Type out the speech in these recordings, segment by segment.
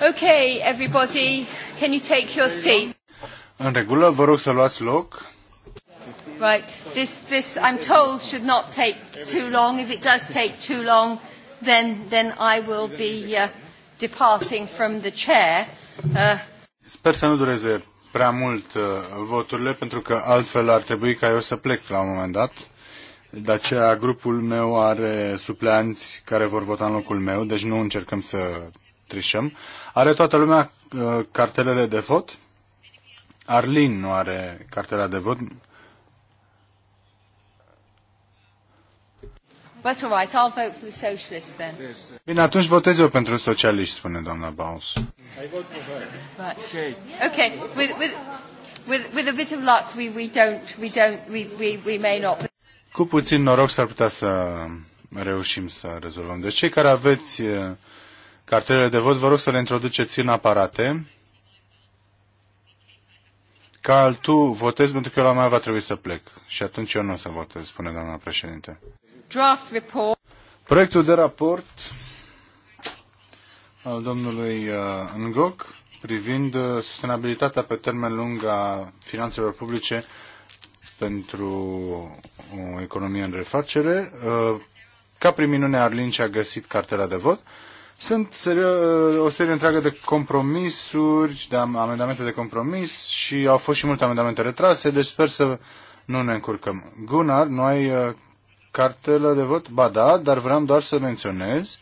Okay, everybody, can you take your seat? În regulă, vă rog să luați loc. Right, this, this, I'm told, should not take too long. If it does take too long, then, then I will be uh, departing from the chair. Uh, Sper să nu dureze prea mult uh, voturile, pentru că altfel ar trebui ca eu să plec la un moment dat. De aceea grupul meu are supleanți care vor vota în locul meu, deci nu încercăm să trișăm. Are toată lumea uh, cartelele de vot? Arlin nu are cartela de vot. That's all right, I'll vote for the socialists then. Bine, atunci votez eu pentru socialiști, spune doamna Baus. I vote for her. Right. Okay. Okay, with, with, with, with a bit of luck, we, we don't, we don't, we, we, we may not. Cu puțin noroc s-ar putea să reușim să rezolvăm. Deci cei care aveți uh, cartelele de vot, vă rog să le introduceți în aparate. Cal, tu votezi pentru că eu la mea va trebui să plec. Și atunci eu nu o să votez, spune doamna președinte. Draft report. Proiectul de raport al domnului uh, Ngoc privind uh, sustenabilitatea pe termen lung a finanțelor publice pentru o economie în refacere. Uh, ca prin minune, Arlin și-a găsit cartela de vot. Sunt o serie întreagă de compromisuri, de amendamente de compromis și au fost și multe amendamente retrase, deci sper să nu ne încurcăm. Gunnar, nu ai uh, cartelă de vot? Ba da, dar vreau doar să menționez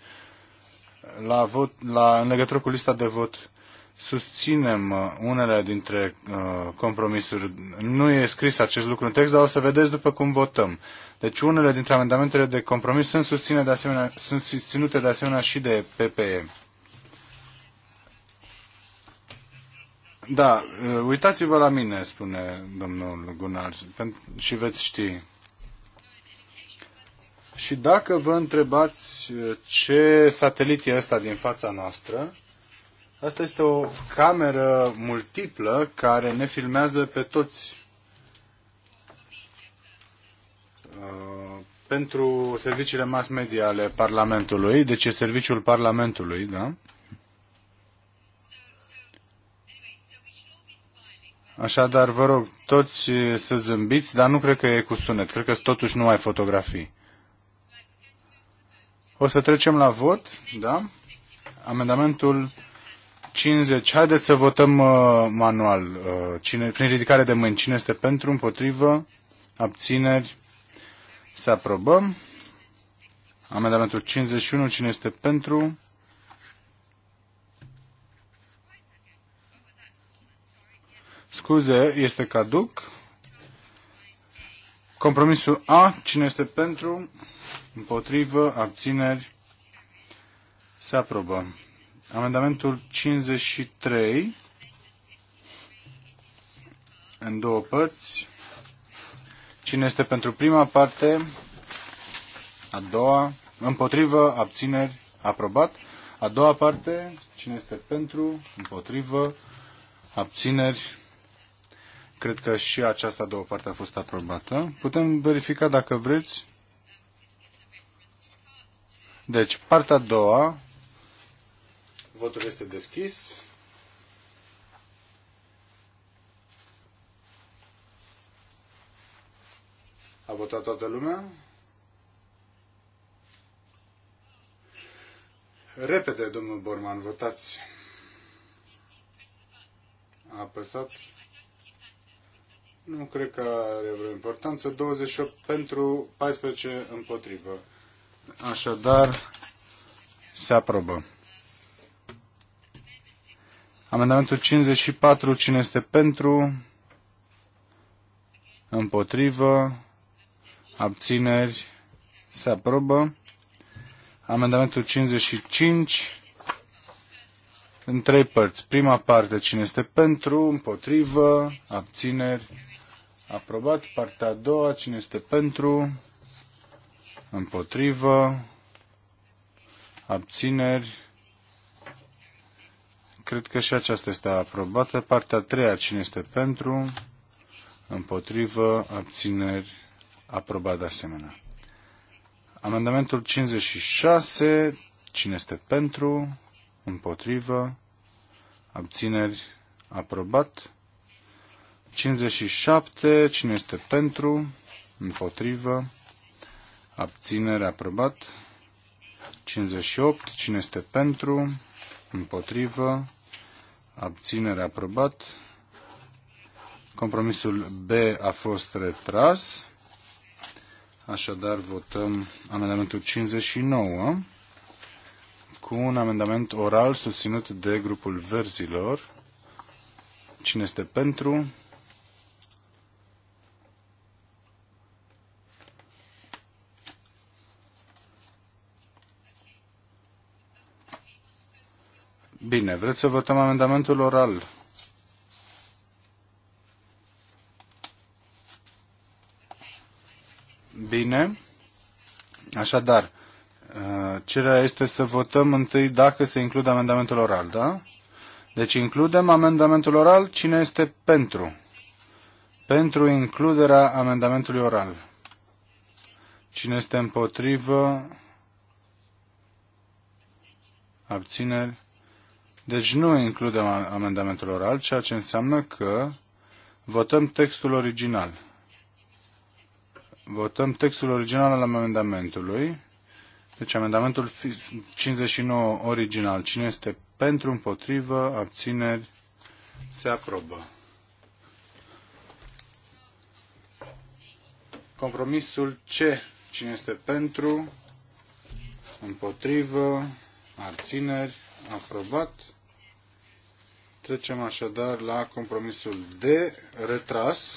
la vot, la, în legătură cu lista de vot susținem uh, unele dintre uh, compromisuri. Nu e scris acest lucru în text, dar o să vedeți după cum votăm. Deci unele dintre amendamentele de compromis sunt, susține de asemenea, sunt susținute de asemenea și de PPE. Da, uh, uitați-vă la mine, spune domnul Gunar, și veți ști. Și dacă vă întrebați uh, ce satelit e ăsta din fața noastră, asta este o cameră multiplă care ne filmează pe toți Uh, pentru serviciile mass media ale Parlamentului, deci e serviciul Parlamentului, da? Așadar, vă rog, toți să zâmbiți, dar nu cred că e cu sunet. Cred că totuși nu ai fotografii. O să trecem la vot, da? Amendamentul 50. Haideți să votăm uh, manual. Uh, cine, prin ridicare de mâini. Cine este pentru, împotrivă, abțineri? Să aprobăm. Amendamentul 51. Cine este pentru? Scuze, este caduc. Compromisul A. Cine este pentru? Împotrivă? Abțineri? Se aprobă. Amendamentul 53 în două părți. Cine este pentru prima parte? A doua. Împotrivă, abțineri, aprobat. A doua parte, cine este pentru, împotrivă, abțineri. Cred că și această două parte a fost aprobată. Putem verifica dacă vreți. Deci, partea a doua, votul este deschis. A votat toată lumea? Repede, domnul Borman, votați. A apăsat. Nu cred că are vreo importanță. 28 pentru, 14 împotrivă. Așadar, se aprobă. Amendamentul 54, cine este pentru? Împotrivă abțineri, se aprobă. Amendamentul 55 în trei părți. Prima parte, cine este pentru, împotrivă, abțineri, aprobat. Partea a doua, cine este pentru, împotrivă, abțineri. Cred că și aceasta este aprobată. Partea a treia, cine este pentru, împotrivă, abțineri, aprobat de asemenea. Amendamentul 56, cine este pentru, împotrivă, abțineri, aprobat. 57, cine este pentru, împotrivă, abținere, aprobat. 58, cine este pentru, împotrivă, abținere, aprobat. Compromisul B a fost retras. Așadar, votăm amendamentul 59 cu un amendament oral susținut de grupul verzilor. Cine este pentru? Bine, vreți să votăm amendamentul oral Așadar, uh, cererea este să votăm întâi dacă se include amendamentul oral, da? Deci includem amendamentul oral. Cine este pentru? Pentru includerea amendamentului oral. Cine este împotrivă? Abțineri. Deci nu includem amendamentul oral, ceea ce înseamnă că votăm textul original. Votăm textul original al amendamentului. Deci amendamentul 59 original. Cine este pentru, împotrivă, abțineri, se aprobă. Compromisul C. Cine este pentru, împotrivă, abțineri, aprobat. Trecem așadar la compromisul D, retras.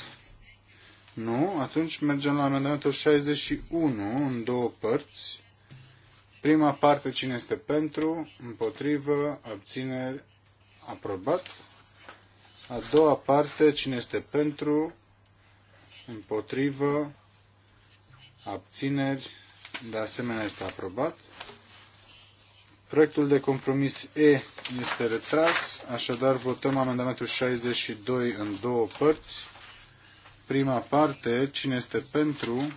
Nu? Atunci mergem la amendamentul 61 în două părți. Prima parte, cine este pentru, împotrivă, abțineri, aprobat. A doua parte, cine este pentru, împotrivă, abțineri, de asemenea este aprobat. Proiectul de compromis E este retras, așadar votăm amendamentul 62 în două părți. Prima parte, cine este pentru,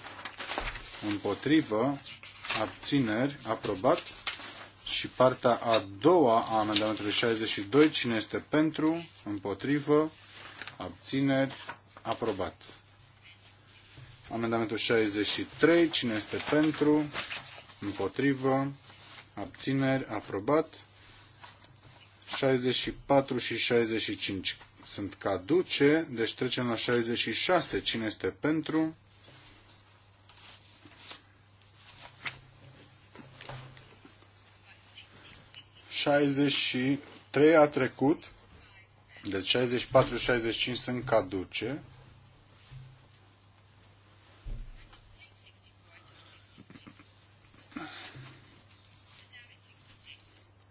împotrivă, abțineri, aprobat. Și partea a doua a amendamentului 62, cine este pentru, împotrivă, abțineri, aprobat. Amendamentul 63, cine este pentru, împotrivă, abțineri, aprobat. 64 și 65 sunt caduce, deci trecem la 66. Cine este pentru? trei a trecut, deci 64-65 sunt caduce.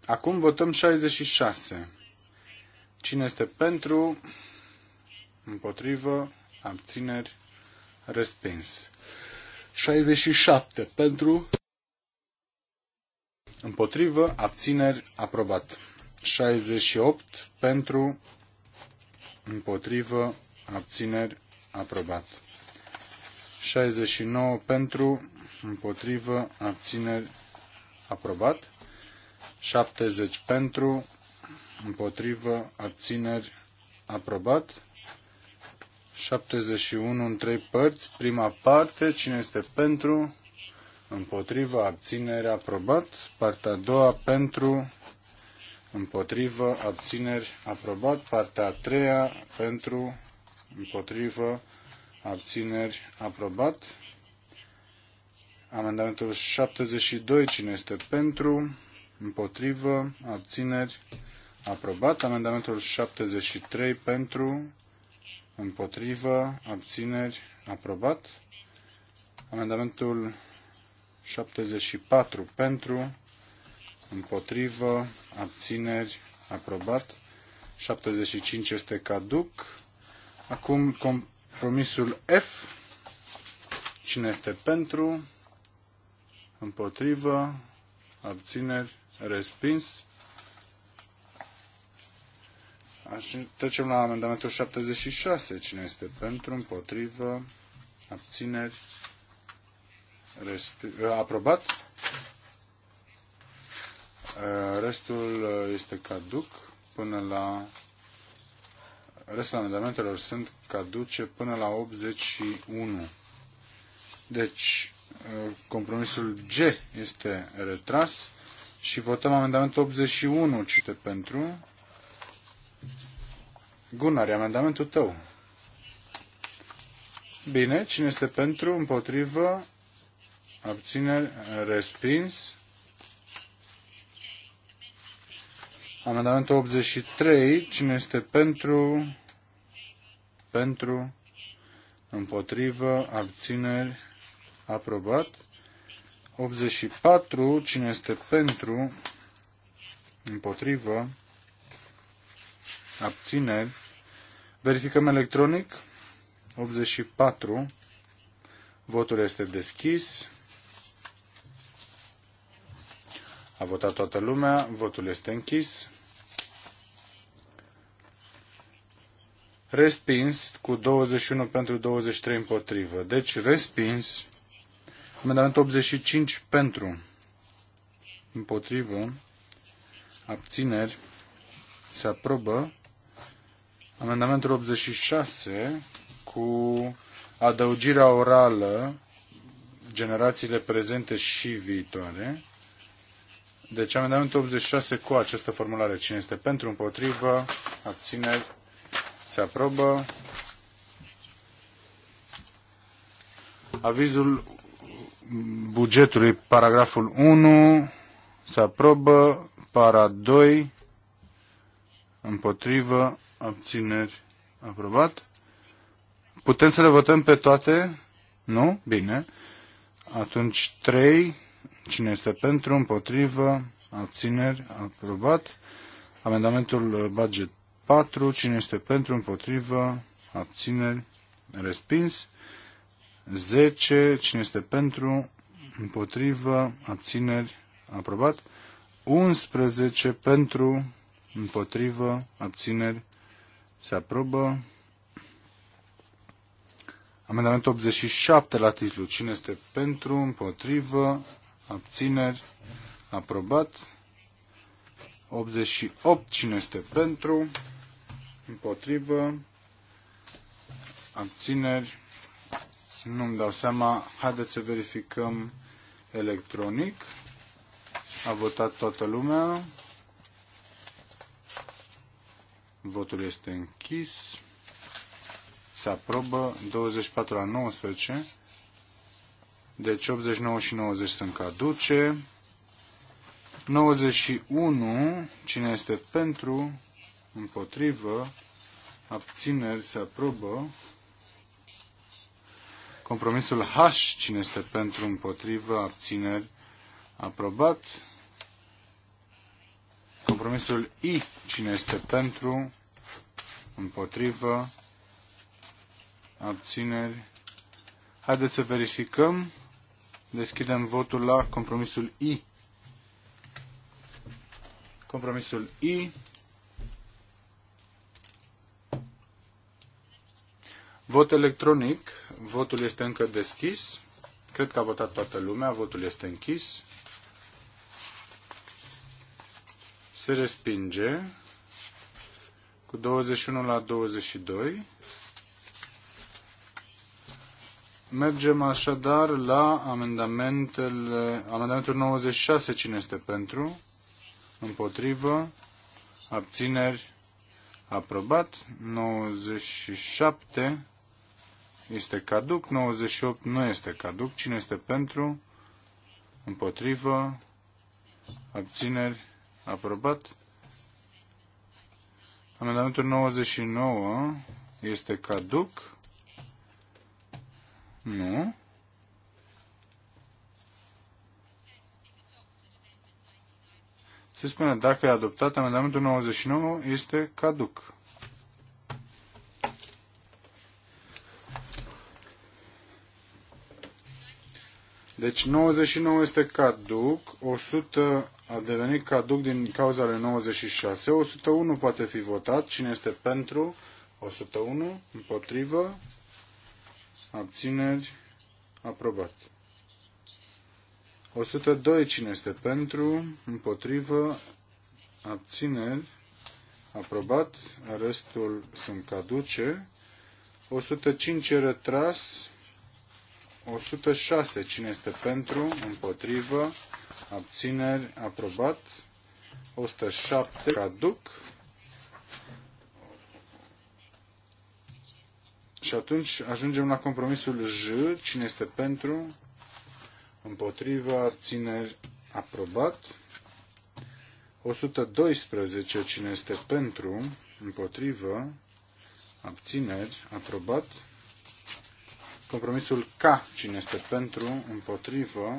Acum votăm 66. Cine este pentru? Împotrivă? Abțineri? Respins. 67 pentru? Împotrivă? Abțineri? Aprobat. 68 pentru? Împotrivă? Abțineri? Aprobat. 69 pentru? Împotrivă? Abțineri? Aprobat. 70 pentru? împotrivă, abțineri, aprobat. 71 în trei părți, prima parte, cine este pentru, împotrivă, abțineri, aprobat. Partea a doua, pentru, împotrivă, abțineri, aprobat. Partea a treia, pentru, împotrivă, abțineri, aprobat. Amendamentul 72, cine este pentru, împotrivă, abțineri, aprobat. Aprobat. Amendamentul 73 pentru, împotrivă, abțineri, aprobat. Amendamentul 74 pentru, împotrivă, abțineri, aprobat. 75 este caduc. Acum compromisul F. Cine este pentru? Împotrivă, abțineri, respins. Așa, trecem la amendamentul 76. Cine este pentru, împotrivă, abțineri, ă, aprobat. Ă, restul ă, este caduc până la... Restul amendamentelor sunt caduce până la 81. Deci, compromisul G este retras și votăm amendamentul 81. Cite pentru, Gunnar, e amendamentul tău. Bine, cine este pentru, împotrivă, abține, respins. Amendamentul 83, cine este pentru, pentru, împotrivă, abțineri, aprobat. 84, cine este pentru, împotrivă, abțineri, Verificăm electronic. 84. Votul este deschis. A votat toată lumea. Votul este închis. Respins cu 21 pentru 23 împotrivă. Deci respins. Amendament 85 pentru. Împotrivă. Abțineri. Se aprobă. Amendamentul 86 cu adăugirea orală generațiile prezente și viitoare. Deci amendamentul 86 cu această formulare. Cine este pentru, împotrivă, abțineri, se aprobă. Avizul bugetului, paragraful 1, se aprobă, para 2, împotrivă, abțineri, aprobat. Putem să le votăm pe toate? Nu? Bine. Atunci 3. Cine este pentru, împotrivă, abțineri, aprobat. Amendamentul uh, budget 4. Cine este pentru, împotrivă, abțineri, respins. 10. Cine este pentru, împotrivă, abțineri, aprobat. 11 pentru, împotrivă, abțineri, se aprobă. Amendamentul 87 la titlu. Cine este pentru, împotrivă, abțineri, aprobat. 88. Cine este pentru, împotrivă, abțineri. Nu-mi dau seama. Haideți să verificăm electronic. A votat toată lumea. Votul este închis. Se aprobă 24 la 19. Deci 89 și 90 sunt caduce. 91. Cine este pentru? Împotrivă. Abțineri se aprobă. Compromisul H. Cine este pentru? Împotrivă. Abțineri aprobat. Compromisul I. Cine este pentru? Împotrivă? Abțineri? Haideți să verificăm. Deschidem votul la compromisul I. Compromisul I. Vot electronic. Votul este încă deschis. Cred că a votat toată lumea. Votul este închis. se respinge cu 21 la 22. Mergem așadar la amendamentele, amendamentul 96, cine este pentru, împotrivă, abțineri, aprobat, 97 este caduc, 98 nu este caduc, cine este pentru, împotrivă, abțineri, Aprobat. Amendamentul 99 este caduc. Nu. Se spune, dacă e adoptat, amendamentul 99 este caduc. Deci 99 este caduc, 100 a devenit caduc din cauza lui 96, 101 poate fi votat, cine este pentru, 101, împotrivă, abțineri, aprobat. 102, cine este pentru, împotrivă, abțineri, aprobat, restul sunt caduce. 105 retras, 106. Cine este pentru? Împotrivă. Abțineri. Aprobat. 107. Caduc. Și atunci ajungem la compromisul J. Cine este pentru? Împotrivă. Abțineri. Aprobat. 112. Cine este pentru? Împotrivă. Abțineri. Aprobat. Compromisul K, cine este pentru, împotrivă,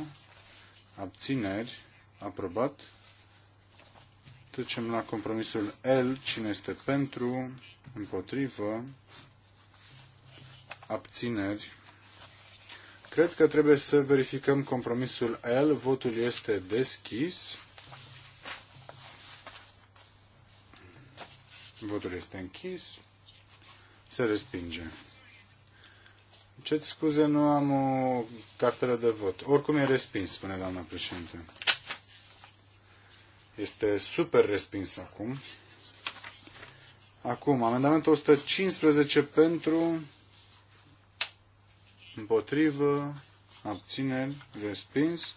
abțineri, aprobat. Trecem la compromisul L, cine este pentru, împotrivă, abțineri. Cred că trebuie să verificăm compromisul L. Votul este deschis. Votul este închis. Se respinge. Ce scuze, nu am o cartelă de vot. Oricum e respins, spune doamna președinte. Este super respins acum. Acum, amendamentul 115 pentru, împotrivă, abțineri, respins.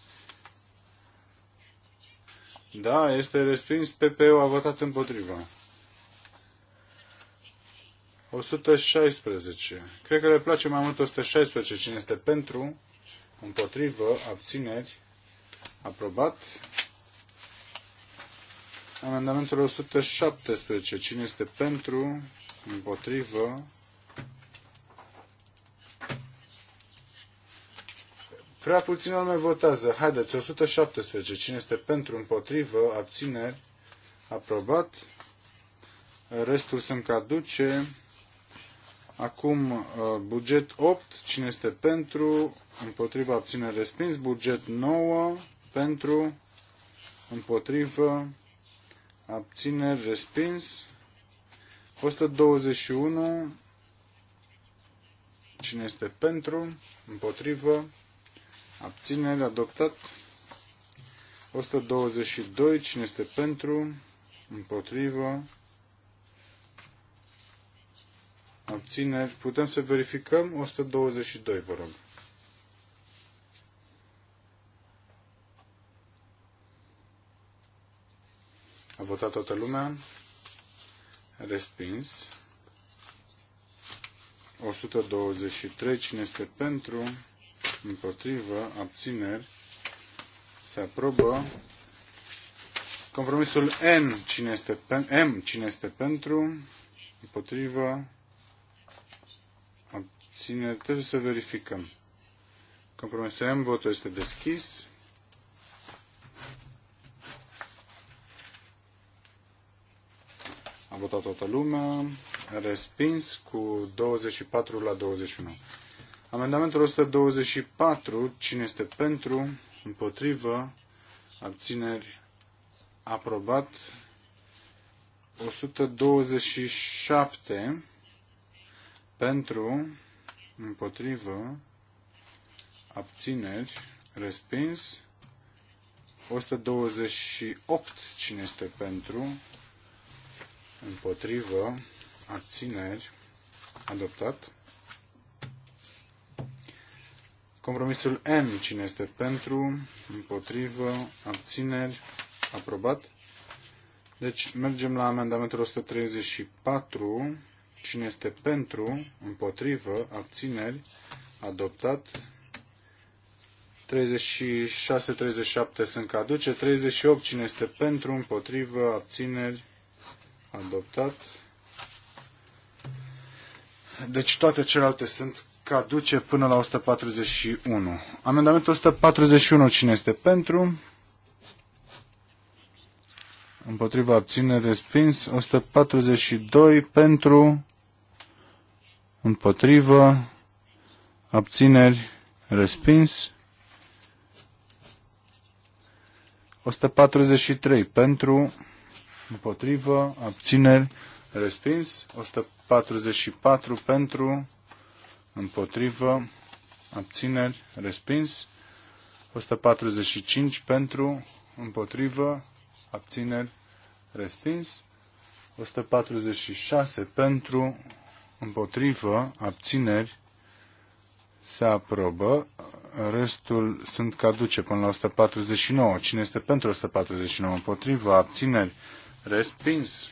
Da, este respins, PPU a votat împotriva. 116. Cred că le place mai mult 116. Cine este pentru, împotrivă, abțineri, aprobat. Amendamentul 117. Cine este pentru, împotrivă, Prea puțin oameni votează. Haideți, 117. Cine este pentru, împotrivă, abțineri, aprobat. Restul sunt caduce. Acum uh, buget 8, cine este pentru, împotriva abține respins, buget 9, pentru, împotrivă, abține respins, 121, cine este pentru, împotrivă, abțineri adoptat, 122, cine este pentru, împotrivă, Abțineri. Putem să verificăm? 122, vă rog. A votat toată lumea. Respins. 123. Cine este pentru? Împotrivă. Abțineri. Se aprobă. Compromisul N. Cine este pentru, M. Cine este pentru? Împotrivă abțineri, trebuie să verificăm. Compromisul votul este deschis. A votat toată lumea. Respins cu 24 la 21. Amendamentul 124. Cine este pentru? Împotrivă? Abțineri? Aprobat. 127 pentru împotrivă, abțineri, respins. 128, cine este pentru, împotrivă, abțineri, adoptat. Compromisul M, cine este pentru, împotrivă, abțineri, aprobat. Deci mergem la amendamentul 134 Cine este pentru, împotrivă, abțineri, adoptat. 36-37 sunt caduce. 38, cine este pentru, împotrivă, abțineri, adoptat. Deci toate celelalte sunt caduce până la 141. Amendamentul 141, cine este pentru? Împotriva abținere respins. 142 pentru împotrivă, abțineri, respins. 143 pentru, împotrivă, abțineri, respins. 144 pentru, împotrivă, abțineri, respins. 145 pentru, împotrivă, abțineri, respins. 146 pentru, împotrivă, abțineri, se aprobă. Restul sunt caduce până la 149. Cine este pentru 149? Împotrivă, abțineri, respins.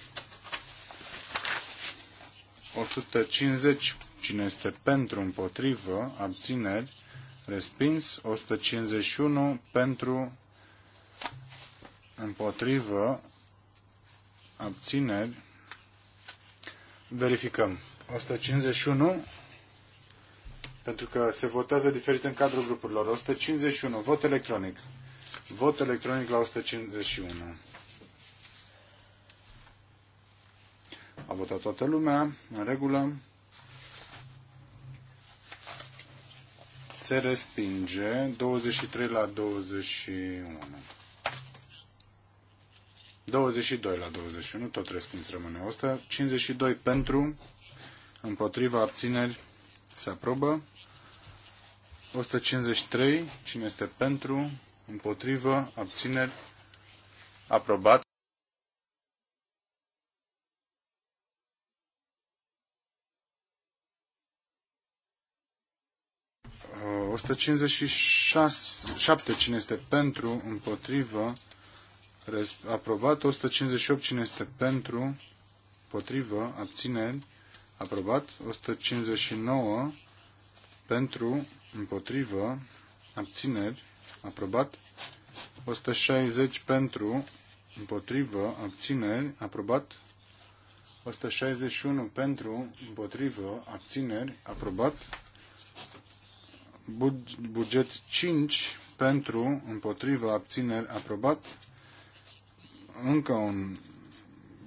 150. Cine este pentru, împotrivă, abțineri, respins. 151 pentru, împotrivă, abțineri, Verificăm. 151, pentru că se votează diferit în cadrul grupurilor. 151, vot electronic. Vot electronic la 151. A votat toată lumea, în regulă. Se respinge 23 la 21. 22 la 21, tot respins rămâne 152 pentru împotriva, abțineri, se aprobă. 153, cine este pentru, împotrivă, abțineri, aprobat. Uh, 156, 7, cine este pentru, împotrivă, aprobat. 158, cine este pentru, împotrivă, abțineri, aprobat. 159 pentru, împotrivă, abțineri, aprobat. 160 pentru, împotrivă, abțineri, aprobat. 161 pentru, împotrivă, abțineri, aprobat. Buget 5 pentru, împotrivă, abțineri, aprobat. Încă un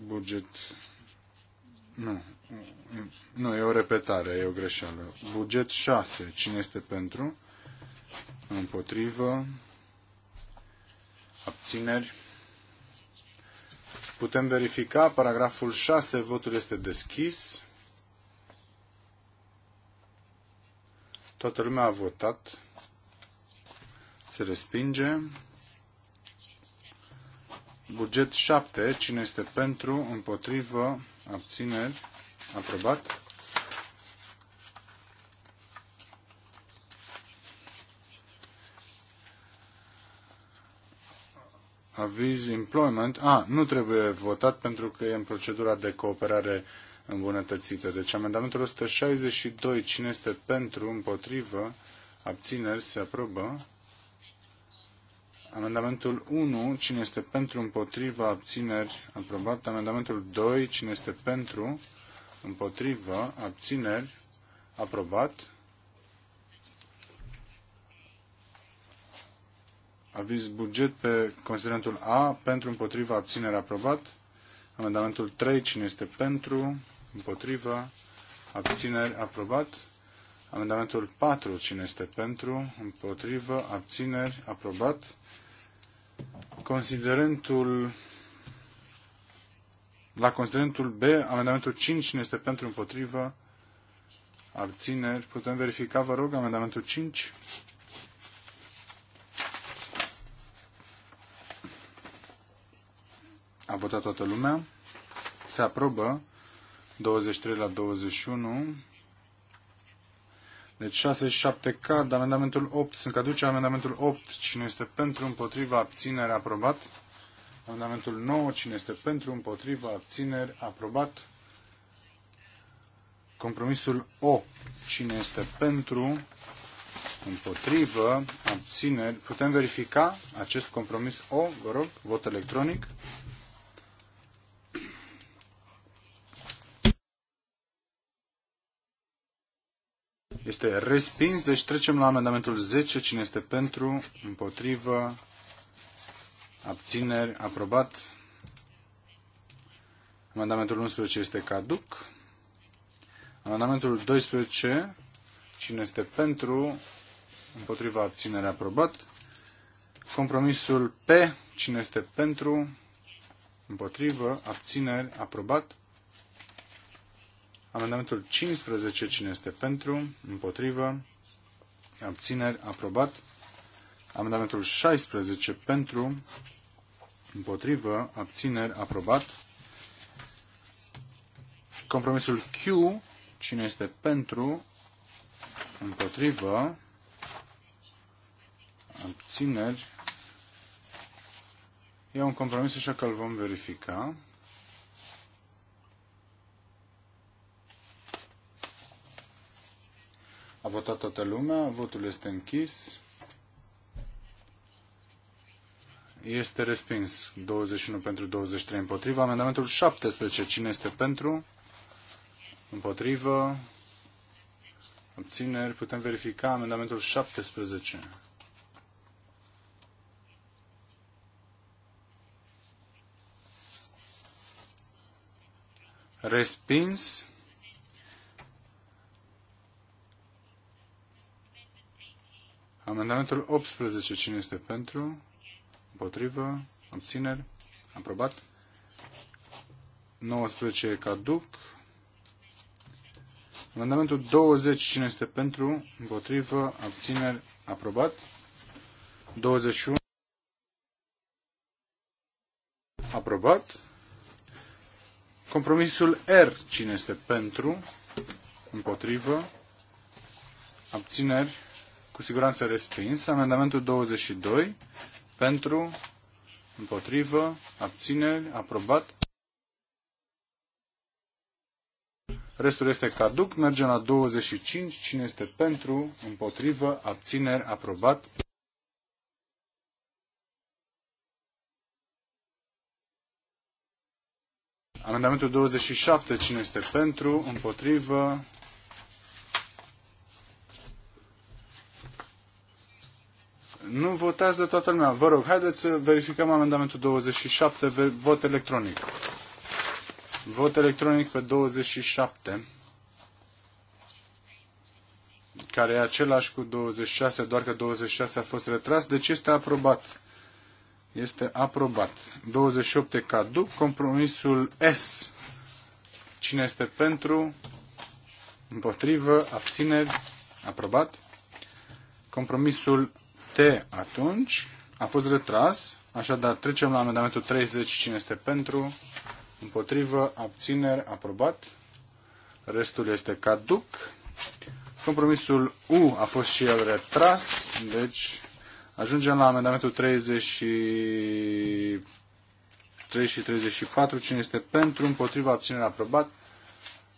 buget. Nu, nu, e o repetare, e o greșeală. Buget 6. Cine este pentru? Împotrivă. Abțineri. Putem verifica paragraful 6. Votul este deschis. Toată lumea a votat. Se respinge. Buget 7. Cine este pentru? Împotrivă. Abțineri Aprobat. Aviz employment. A, nu trebuie votat pentru că e în procedura de cooperare îmbunătățită. Deci amendamentul 162, cine este pentru, împotrivă, abțineri, se aprobă. Amendamentul 1, cine este pentru, împotrivă, abțineri, aprobat. Amendamentul 2, cine este pentru, împotrivă, abțineri, aprobat. Aviz buget pe considerentul A, pentru, împotrivă, abținere, aprobat. Amendamentul 3, cine este pentru, împotrivă, abțineri, aprobat. Amendamentul 4, cine este pentru, împotrivă, abțineri, aprobat. Considerentul la considerentul B, amendamentul 5, cine este pentru, împotrivă, abțineri. Putem verifica, vă rog, amendamentul 5. A votat toată lumea. Se aprobă 23 la 21. Deci 6 și 7 cad. Amendamentul 8 sunt caduce. Amendamentul 8. Cine este pentru, împotriva, abținere, aprobat. Amendamentul 9, cine este pentru, împotrivă, abțineri, aprobat. Compromisul O, cine este pentru, împotrivă, abțineri. Putem verifica acest compromis O, vă rog, vot electronic. Este respins, deci trecem la amendamentul 10. Cine este pentru, împotrivă, abțineri, aprobat. Amendamentul 11 este caduc. Amendamentul 12, cine este pentru, împotriva abținere aprobat. Compromisul P, cine este pentru, împotrivă, abțineri aprobat. Amendamentul 15, cine este pentru, împotrivă, abțineri aprobat. Amendamentul 16 pentru, împotrivă, abțineri, aprobat. Compromisul Q, cine este pentru, împotrivă, abțineri. E un compromis așa că îl vom verifica. A votat toată lumea, votul este închis. este respins. 21 pentru 23 împotriva. Amendamentul 17. Cine este pentru? Împotrivă. Obțineri. Putem verifica amendamentul 17. Respins. Amendamentul 18. Cine este pentru? Împotrivă. Abțineri. Aprobat. 19 caduc. Amendamentul 20. Cine este pentru? Împotrivă. Abțineri. Aprobat. 21. Aprobat. Compromisul R. Cine este pentru? Împotrivă. Abțineri. Cu siguranță respins. Amendamentul 22 pentru, împotrivă, abțineri, aprobat. Restul este caduc. Mergem la 25. Cine este pentru, împotrivă, abțineri, aprobat. Amendamentul 27. Cine este pentru, împotrivă, Nu votează toată lumea. Vă rog, haideți să verificăm amendamentul 27, vot electronic. Vot electronic pe 27, care e același cu 26, doar că 26 a fost retras, deci este aprobat. Este aprobat. 28 caduc, compromisul S. Cine este pentru? Împotrivă, abțineri, aprobat. Compromisul T atunci a fost retras, așadar trecem la amendamentul 30, cine este pentru, împotrivă, abțineri, aprobat, restul este caduc, compromisul U a fost și el retras, deci ajungem la amendamentul 3 și 34, cine este pentru, împotrivă, abținere, aprobat,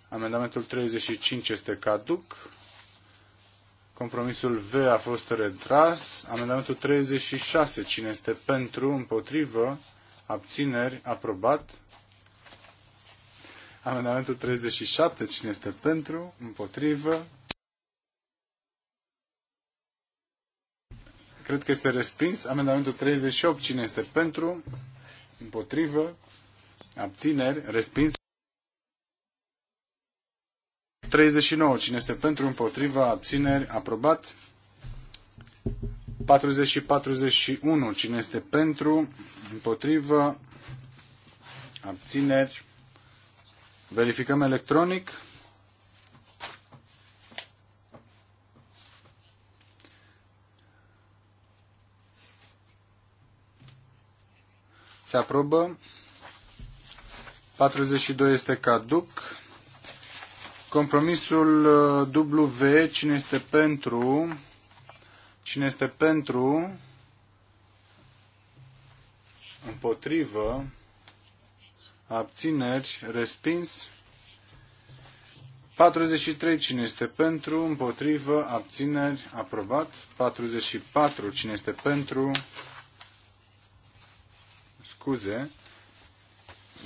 amendamentul 35 este caduc, Compromisul V a fost retras. Amendamentul 36. Cine este pentru, împotrivă, abțineri, aprobat. Amendamentul 37. Cine este pentru, împotrivă. Cred că este respins. Amendamentul 38. Cine este pentru, împotrivă, abțineri, respins. 39. Cine este pentru, împotriva, abțineri, aprobat. 40 și 41. Cine este pentru, împotrivă, abțineri. Verificăm electronic. Se aprobă. 42 este caduc. Compromisul uh, W, cine este pentru? Cine este pentru? Împotrivă? Abțineri? Respins? 43. Cine este pentru? Împotrivă? Abțineri? Aprobat? 44. Cine este pentru? Scuze.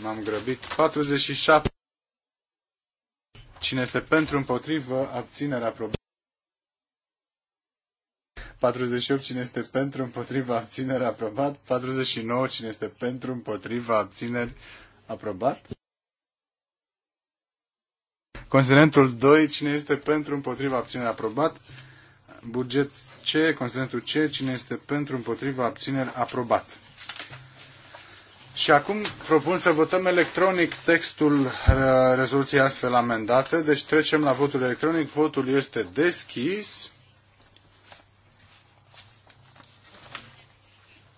M-am grăbit. 47. Cine este pentru, împotrivă, abținerea aprobat. 48. Cine este pentru, împotriva, abținere, aprobat. 49. Cine este pentru, împotriva, abțineri, aprobat. Considerentul 2. Cine este pentru, împotriva, abținere, aprobat. Buget C. Considerentul C. Cine este pentru, împotriva, abțineri, aprobat. Și acum propun să votăm electronic textul uh, rezoluției astfel amendată. Deci trecem la votul electronic. Votul este deschis.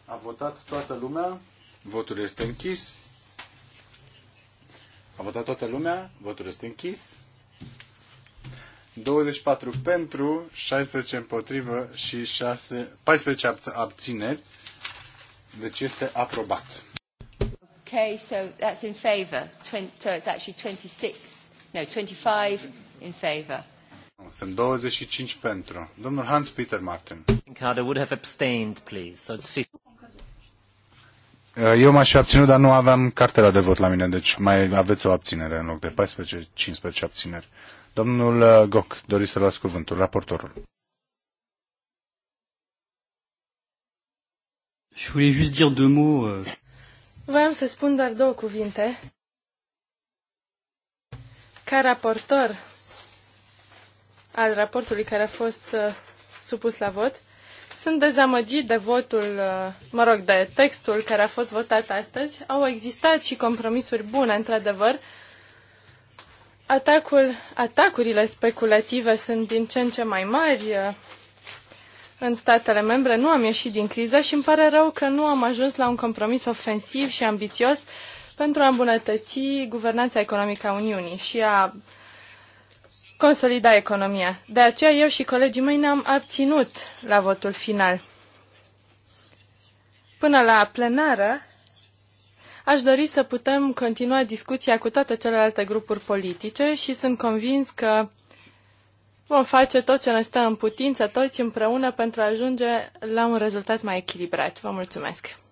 A votat toată lumea. Votul este închis. A votat toată lumea. Votul este închis. 24 pentru, 16 împotrivă și 6, 14 abțineri. Deci este aprobat. Okay, so that's in favour. So it's actually 26, no, 25 in favour. Sunt 25 pentru. Domnul Hans Peter Martin. Carter would have abstained, please. So it's 50. Eu m-aș fi abținut, dar nu aveam cartela de vot la mine, deci mai aveți o abținere în loc de 14-15 abțineri. Domnul uh, Goc, doriți să luați cuvântul, raportorul. Je voulais juste dire deux mots. Euh, Voiam să spun doar două cuvinte. Ca raportor al raportului care a fost uh, supus la vot, sunt dezamăgit de votul, uh, mă rog, de textul care a fost votat astăzi. Au existat și compromisuri bune, într-adevăr. Atacul, atacurile speculative sunt din ce în ce mai mari. Uh, în statele membre, nu am ieșit din criză și îmi pare rău că nu am ajuns la un compromis ofensiv și ambițios pentru a îmbunătăți guvernanța economică a Uniunii și a consolida economia. De aceea eu și colegii mei ne-am abținut la votul final. Până la plenară, aș dori să putem continua discuția cu toate celelalte grupuri politice și sunt convins că Vom face tot ce ne stă în putință, toți împreună, pentru a ajunge la un rezultat mai echilibrat. Vă mulțumesc!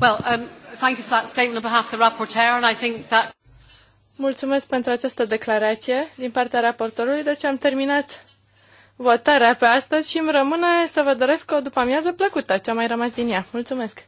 Well, um, thank you for that statement on behalf of the rapporteur, and I think that Mulțumesc pentru această declarație din partea raportorului. Deci am terminat votarea pe astăzi și îmi rămâne să vă doresc o după amiază plăcută, cea mai rămas din ea. Mulțumesc!